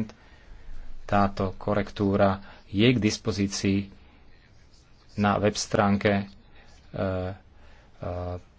dokument. Táto korektúra je k dispozícii na web stránke eh, eh,